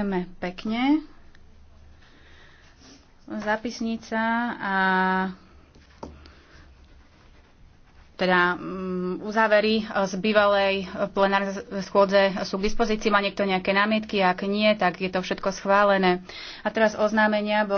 Ďakujeme pekne. Zapisnica a teda mm, uzávery z bývalej plenárnej schôdze sú k dispozícii. Má niekto nejaké námietky? Ak nie, tak je to všetko schválené. A teraz oznámenia.